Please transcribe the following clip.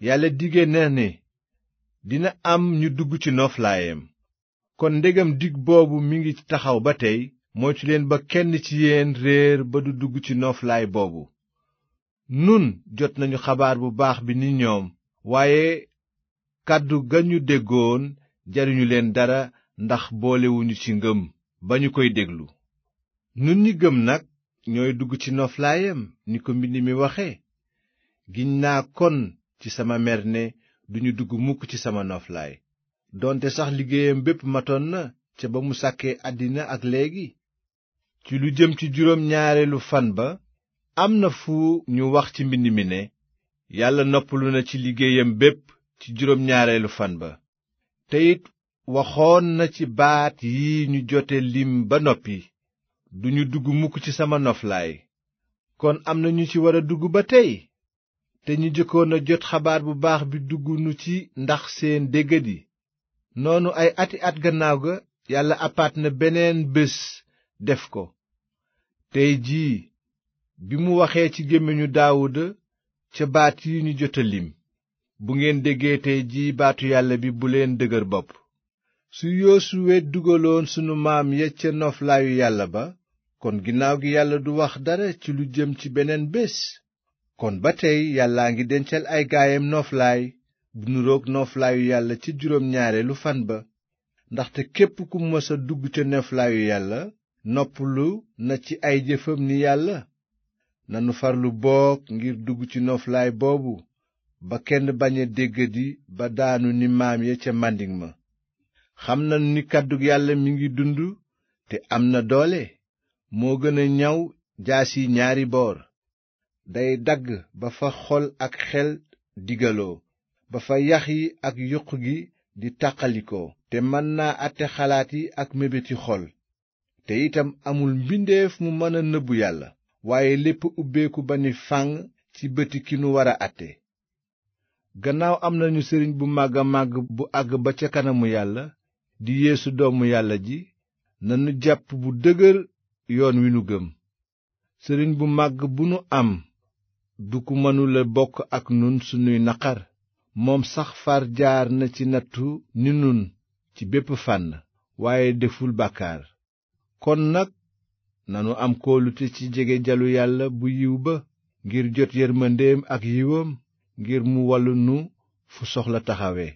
yàlla dige na ne dina am ñu dugg ci noflaayam kon ndegam digg boobu mi ngi taxaw ba tey moytu leen ba kenn ci yéen réer ba du dugg ci nooflaay boobu nun jot nañu xabaar bu baax bi ni ñoom waaye kàddu ga ñu déggoon jaruñu leen dara ndax boolewuñu ci ngëm ba ñu koy déglu nun ñi gëm nag ñooy dugg ci noflaayam ni ko mbind mi waxe giñ naa kon ci sama mer ne duñu dugg mukk ci sama noflaay doonte sax liggéeyam bépp matoon na ca ba mu sàkkee àddina ak léegi ci lu jëm ci juróom ñaareelu fan ba am na fu ñu wax ci mbind mi ne yàlla noppalu na ci liggéeyam bépp ci juróom ñaareelu fan ba te waxoon na ci baat yi ñu jote lim ba noppi duñu dugg mukk ci sama noflaay kon am na ñu ci war dugg ba tey te ñu jëkkoon a jot xabaar bu baax bi dugg nu ci ndax seen déggadi noonu ay ati at gannaaw ga yàlla apaat na beneen bés def ko tey jii bi mu waxee ci gémmiñu daawuda ca baat yi ñu jotalim bu ngeen déggee tey jii baatu yàlla bi bu leen dëgër bopp su yoosuwe dugaloon sunu maam ya ca nooflaayu yàlla ba kon ginnaaw gi yàlla du wax dara ci lu jëm ci beneen bés kon ba tey yàllaa ngi dencal ay gaayam nooflaay bu nuroog nooflaayu yàlla ci juróom ñaareelu fan ba ndaxte képp ku mës a dugg ca nooflaayu yàlla noppalu na ci ay jëfam ni yàlla nanu farlu boog ngir dugg ci nooflaay boobu ba kenn bañ a déggadi ba daanu ni maam ya ca màndiŋ ma xam nanu ni kàddug yàlla mi ngi dund te am na doole moo gën a ñaw jaasi ñaari boor day dagg ba fa xol ak xel digaloo ba fa yax yi ak yuq gi di tàqalikoo te mën naa àtte xalaat yi ak mébéti xol te itam amul mbindeef mu mën a nëbbu yàlla waaye lépp ubbiku ba ni fànn ci bëti ki nu war a àtte gannaaw am nañu sëriñ bu màgg a màgg bu àgg ba ca kanamu yàlla di yéesu doomu yàlla ji nanu jàpp bu dëgër yoon wi nu gëm sëriñ bu màgg bu nu am du ku mënula bokk ak nun sunuy naqar moom sax far jaar na ci nattu ni nun ci bépp fànn waaye deful bàkkaar kon nag nanu am kóolute ci jege jalu yàlla bu yiw ba ngir jot yërmandeem ak yiwam ngir mu wallu nu fu soxla taxawee